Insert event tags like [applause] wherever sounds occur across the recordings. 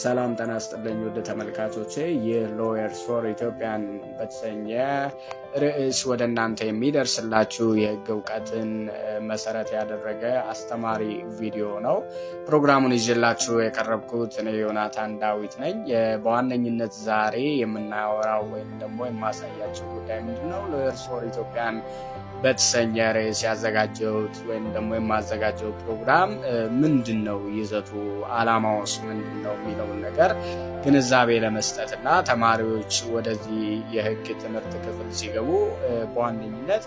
ሰላም ጠና ስጥልኝ ውድ ተመልካቾቼ፣ ይህ ሎየርስ ፎር ኢትዮጵያን በተሰኘ ርዕስ ወደ እናንተ የሚደርስላችሁ የህግ እውቀትን መሰረት ያደረገ አስተማሪ ቪዲዮ ነው። ፕሮግራሙን ይዤላችሁ የቀረብኩት እኔ ዮናታን ዳዊት ነኝ። በዋነኝነት ዛሬ የምናወራው ወይም ደግሞ የማሳያችሁ ጉዳይ ምንድን ነው? ሎየርስ ፎር ኢትዮጵያን በተሰኘ ርዕስ ያዘጋጀሁት ወይም ደግሞ የማዘጋጀው ፕሮግራም ምንድን ነው? ይዘቱ አላማውስ ምንድን ነው? ያለውን ነገር ግንዛቤ ለመስጠት እና ተማሪዎች ወደዚህ የህግ ትምህርት ክፍል ሲገቡ በዋነኝነት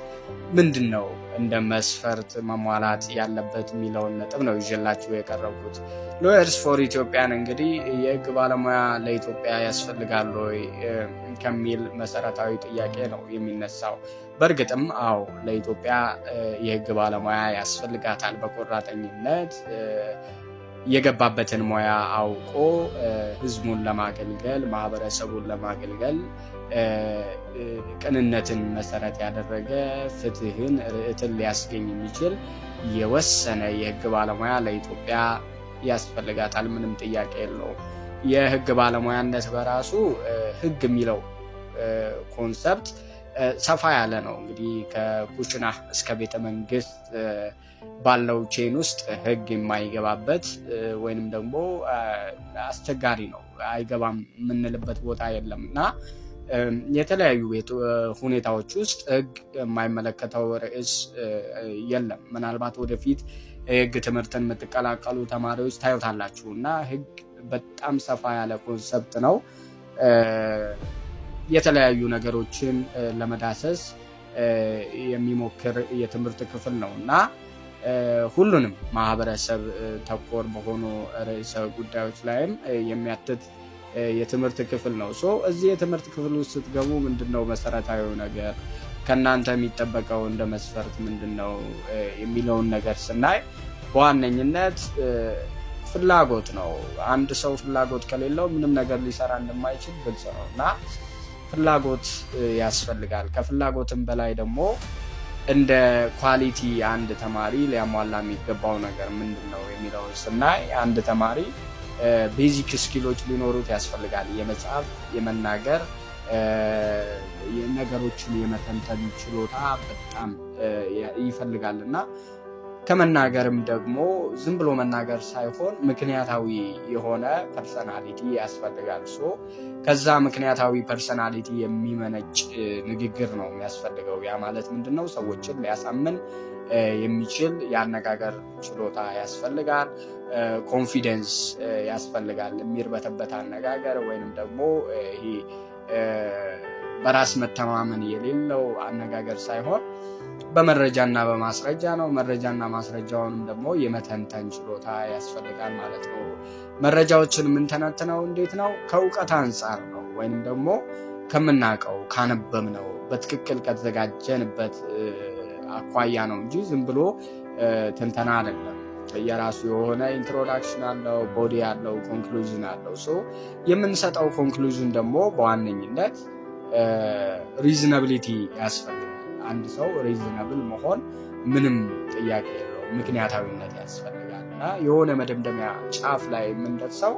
ምንድን ነው እንደ መስፈርት መሟላት ያለበት የሚለውን ነጥብ ነው ይዤላችሁ የቀረብኩት። ሎየርስ ፎር ኢትዮጵያን እንግዲህ የህግ ባለሙያ ለኢትዮጵያ ያስፈልጋሉ ወይ ከሚል መሰረታዊ ጥያቄ ነው የሚነሳው። በእርግጥም አዎ ለኢትዮጵያ የህግ ባለሙያ ያስፈልጋታል በቆራጠኝነት የገባበትን ሙያ አውቆ ህዝቡን ለማገልገል ማህበረሰቡን ለማገልገል ቅንነትን መሰረት ያደረገ ፍትህን፣ ርዕትን ሊያስገኝ የሚችል የወሰነ የህግ ባለሙያ ለኢትዮጵያ ያስፈልጋታል። ምንም ጥያቄ የለውም። የህግ ባለሙያነት በራሱ ህግ የሚለው ኮንሰፕት ሰፋ ያለ ነው። እንግዲህ ከኩሽና እስከ ቤተ መንግስት ባለው ቼን ውስጥ ህግ የማይገባበት ወይንም ደግሞ አስቸጋሪ ነው አይገባም የምንልበት ቦታ የለም እና የተለያዩ ሁኔታዎች ውስጥ ህግ የማይመለከተው ርዕስ የለም። ምናልባት ወደፊት የህግ ትምህርትን የምትቀላቀሉ ተማሪዎች ታዩታላችሁ እና ህግ በጣም ሰፋ ያለ ኮንሰፕት ነው። የተለያዩ ነገሮችን ለመዳሰስ የሚሞክር የትምህርት ክፍል ነው እና ሁሉንም ማህበረሰብ ተኮር በሆኑ ርዕሰ ጉዳዮች ላይም የሚያትት የትምህርት ክፍል ነው። እዚህ የትምህርት ክፍል ውስጥ ስትገቡ ምንድን ነው መሰረታዊው ነገር ከእናንተ የሚጠበቀው እንደ መስፈርት ምንድን ነው የሚለውን ነገር ስናይ በዋነኝነት ፍላጎት ነው። አንድ ሰው ፍላጎት ከሌለው ምንም ነገር ሊሰራ እንደማይችል ግልጽ ነው እና ፍላጎት ያስፈልጋል። ከፍላጎትም በላይ ደግሞ እንደ ኳሊቲ አንድ ተማሪ ሊያሟላ የሚገባው ነገር ምንድን ነው የሚለው ስናይ አንድ ተማሪ ቤዚክ ስኪሎች ሊኖሩት ያስፈልጋል። የመጻፍ፣ የመናገር፣ ነገሮችን የመተንተን ችሎታ በጣም ይፈልጋል እና ከመናገርም ደግሞ ዝም ብሎ መናገር ሳይሆን ምክንያታዊ የሆነ ፐርሰናሊቲ ያስፈልጋል። ሶ ከዛ ምክንያታዊ ፐርሰናሊቲ የሚመነጭ ንግግር ነው የሚያስፈልገው። ያ ማለት ምንድን ነው? ሰዎችን ሊያሳምን የሚችል የአነጋገር ችሎታ ያስፈልጋል። ኮንፊደንስ ያስፈልጋል። የሚርበተበት አነጋገር ወይንም ደግሞ ይሄ በራስ መተማመን የሌለው አነጋገር ሳይሆን በመረጃና በማስረጃ ነው። መረጃና ማስረጃውንም ደግሞ የመተንተን ችሎታ ያስፈልጋል ማለት ነው። መረጃዎችን የምንተነትነው እንዴት ነው? ከእውቀት አንጻር ነው ወይም ደግሞ ከምናውቀው ነው በትክክል ከተዘጋጀንበት አኳያ ነው እንጂ ዝም ብሎ ትንተና አይደለም። የራሱ የሆነ ኢንትሮዳክሽን አለው፣ ቦዲ አለው፣ ኮንክሉዥን አለው። ሶ የምንሰጠው ኮንክሉዥን ደግሞ በዋነኝነት ሪዝናብሊቲ ያስፈልጋል። አንድ ሰው ሪዝነብል መሆን ምንም ጥያቄ የለው፣ ምክንያታዊነት ያስፈልጋል እና የሆነ መደምደሚያ ጫፍ ላይ የምንደርሰው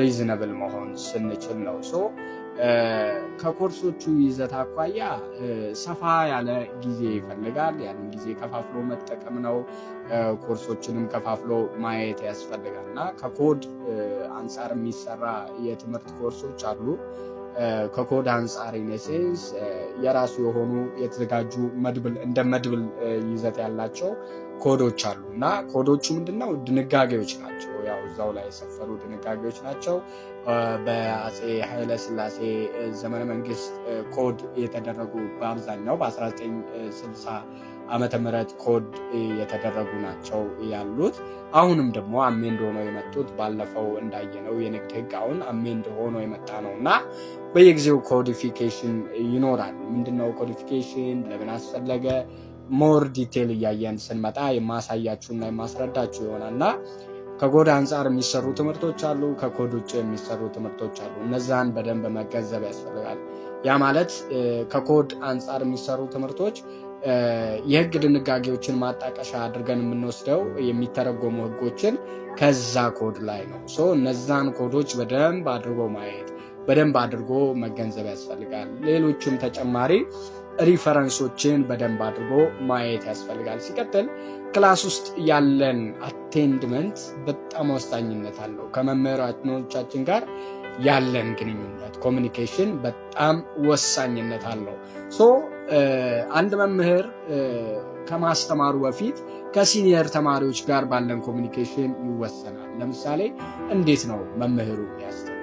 ሪዝነብል መሆን ስንችል ነው። ሶ ከኮርሶቹ ይዘት አኳያ ሰፋ ያለ ጊዜ ይፈልጋል። ያንን ጊዜ ከፋፍሎ መጠቀም ነው። ኮርሶችንም ከፋፍሎ ማየት ያስፈልጋል እና ከኮድ አንጻር የሚሰራ የትምህርት ኮርሶች አሉ። ከኮድ አንጻር ኢኔሴንስ የራሱ የሆኑ የተዘጋጁ መድብል እንደ መድብል ይዘት ያላቸው ኮዶች አሉ እና ኮዶቹ ምንድነው ድንጋጌዎች ናቸው። ያው እዛው ላይ የሰፈሩ ድንጋጌዎች ናቸው። በአፄ ስላሴ ዘመነ መንግስት ኮድ የተደረጉ በአብዛኛው በ1960 ዓመተ ምህረት ኮድ የተደረጉ ናቸው ያሉት። አሁንም ደግሞ አሜንድ ሆነው የመጡት ባለፈው እንዳየነው የንግድ ህግ አሁን አሜንድ ሆኖ የመጣ ነው እና በየጊዜው ኮዲፊኬሽን ይኖራል። ምንድነው ኮዲፊኬሽን? ለምን አስፈለገ? ሞር ዲቴል እያየን ስንመጣ እና የማስረዳችሁ ይሆናል እና ከኮድ አንጻር የሚሰሩ ትምህርቶች አሉ፣ ከኮድ ውጭ የሚሰሩ ትምህርቶች አሉ። እነዛን በደንብ መገንዘብ ያስፈልጋል። ያ ማለት ከኮድ አንጻር የሚሰሩ ትምህርቶች የህግ ድንጋጌዎችን ማጣቀሻ አድርገን የምንወስደው የሚተረጎሙ ህጎችን ከዛ ኮድ ላይ ነው። እነዛን ኮዶች በደንብ አድርጎ ማየት በደንብ አድርጎ መገንዘብ ያስፈልጋል። ሌሎችም ተጨማሪ ሪፈረንሶችን በደንብ አድርጎ ማየት ያስፈልጋል። ሲቀጥል ክላስ ውስጥ ያለን አቴንድመንት በጣም ወሳኝነት አለው። ከመምህራኖቻችን ጋር ያለን ግንኙነት ኮሚኒኬሽን በጣም ወሳኝነት አለው። አንድ መምህር ከማስተማሩ በፊት ከሲኒየር ተማሪዎች ጋር ባለን ኮሚኒኬሽን ይወሰናል። ለምሳሌ እንዴት ነው መምህሩ ያስተው፣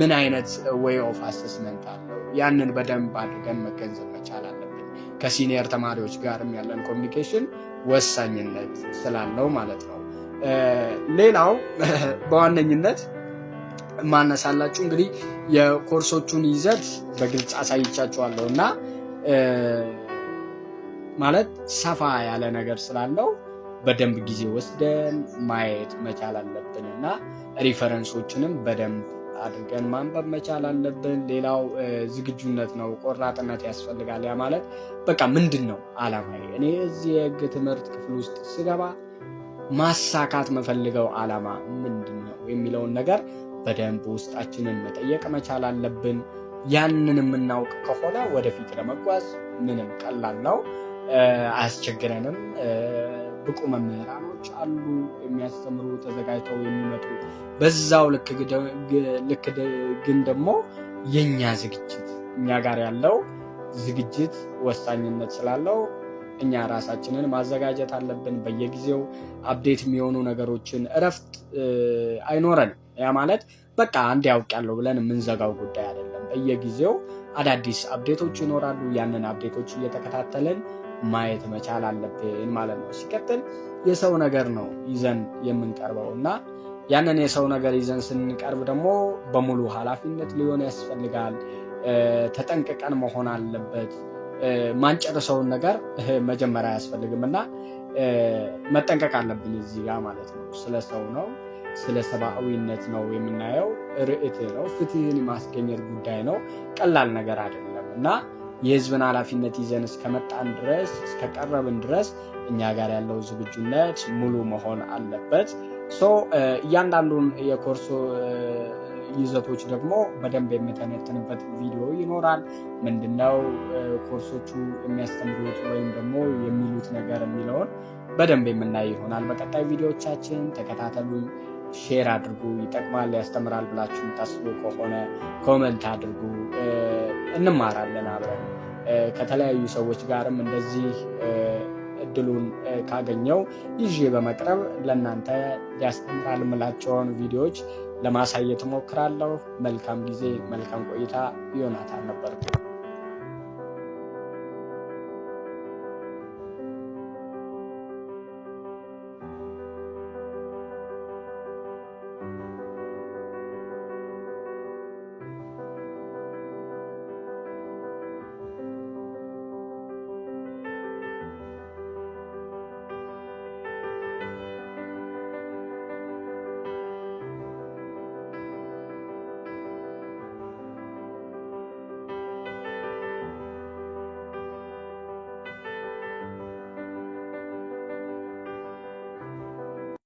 ምን አይነት ዌይ ኦፍ አሰስመንት አለው፣ ያንን በደንብ አድርገን መገንዘብ መቻል አለብን። ከሲኒየር ተማሪዎች ጋርም ያለን ኮሚኒኬሽን ወሳኝነት ስላለው ማለት ነው። ሌላው [laughs] በዋነኝነት ማነሳላችሁ እንግዲህ የኮርሶቹን ይዘት በግልጽ አሳይቻችኋለሁ እና ማለት ሰፋ ያለ ነገር ስላለው በደንብ ጊዜ ወስደን ማየት መቻል አለብን እና ሪፈረንሶችንም በደንብ አድርገን ማንበብ መቻል አለብን። ሌላው ዝግጁነት ነው፣ ቆራጥነት ያስፈልጋል። ያ ማለት በቃ ምንድን ነው አላማ? እኔ እዚህ የህግ ትምህርት ክፍል ውስጥ ስገባ ማሳካት መፈልገው አላማ ምንድን ነው የሚለውን ነገር በደንብ ውስጣችንን መጠየቅ መቻል አለብን። ያንን የምናውቅ ከሆነ ወደፊት ለመጓዝ ምንም ቀላል ነው፣ አያስቸግረንም። ብቁ መምህራኖች አሉ የሚያስተምሩ ተዘጋጅተው የሚመጡ። በዛው ልክ ግን ደግሞ የእኛ ዝግጅት እኛ ጋር ያለው ዝግጅት ወሳኝነት ስላለው እኛ ራሳችንን ማዘጋጀት አለብን። በየጊዜው አፕዴት የሚሆኑ ነገሮችን እረፍት አይኖረንም። ያ ማለት በቃ አንድ ያውቅ ያለው ብለን የምንዘጋው ጉዳይ በየጊዜው አዳዲስ አብዴቶች ይኖራሉ። ያንን አብዴቶች እየተከታተልን ማየት መቻል አለብን ማለት ነው። ሲቀጥል የሰው ነገር ነው ይዘን የምንቀርበው እና ያንን የሰው ነገር ይዘን ስንቀርብ ደግሞ በሙሉ ኃላፊነት ሊሆን ያስፈልጋል። ተጠንቅቀን መሆን አለበት። ማንጨርሰውን ነገር መጀመሪያ አያስፈልግም እና መጠንቀቅ አለብን እዚህ ጋር ማለት ነው። ስለ ሰው ነው፣ ስለ ሰብአዊነት ነው የምናየው። ርዕት ነው። ፍትህን የማስገኘት ጉዳይ ነው። ቀላል ነገር አይደለም እና የህዝብን ኃላፊነት ይዘን እስከመጣን ድረስ እስከቀረብን ድረስ እኛ ጋር ያለው ዝግጁነት ሙሉ መሆን አለበት። ሶ እያንዳንዱን የኮርሶ ይዘቶች ደግሞ በደንብ የሚተነትንበት ቪዲዮ ይኖራል። ምንድነው ኮርሶቹ የሚያስተምሩት ወይም ደግሞ የሚሉት ነገር የሚለውን በደንብ የምናይ ይሆናል። በቀጣይ ቪዲዮዎቻችን ተከታተሉኝ። ሼር አድርጉ። ይጠቅማል፣ ያስተምራል ብላችሁ የምታስቡ ከሆነ ኮመንት አድርጉ። እንማራለን አብረን ከተለያዩ ሰዎች ጋርም እንደዚህ እድሉን ካገኘው ይዤ በመቅረብ ለእናንተ ያስተምራል ምላቸውን ቪዲዮዎች ለማሳየት እሞክራለሁ። መልካም ጊዜ፣ መልካም ቆይታ። ዮናታን ነበርኩ።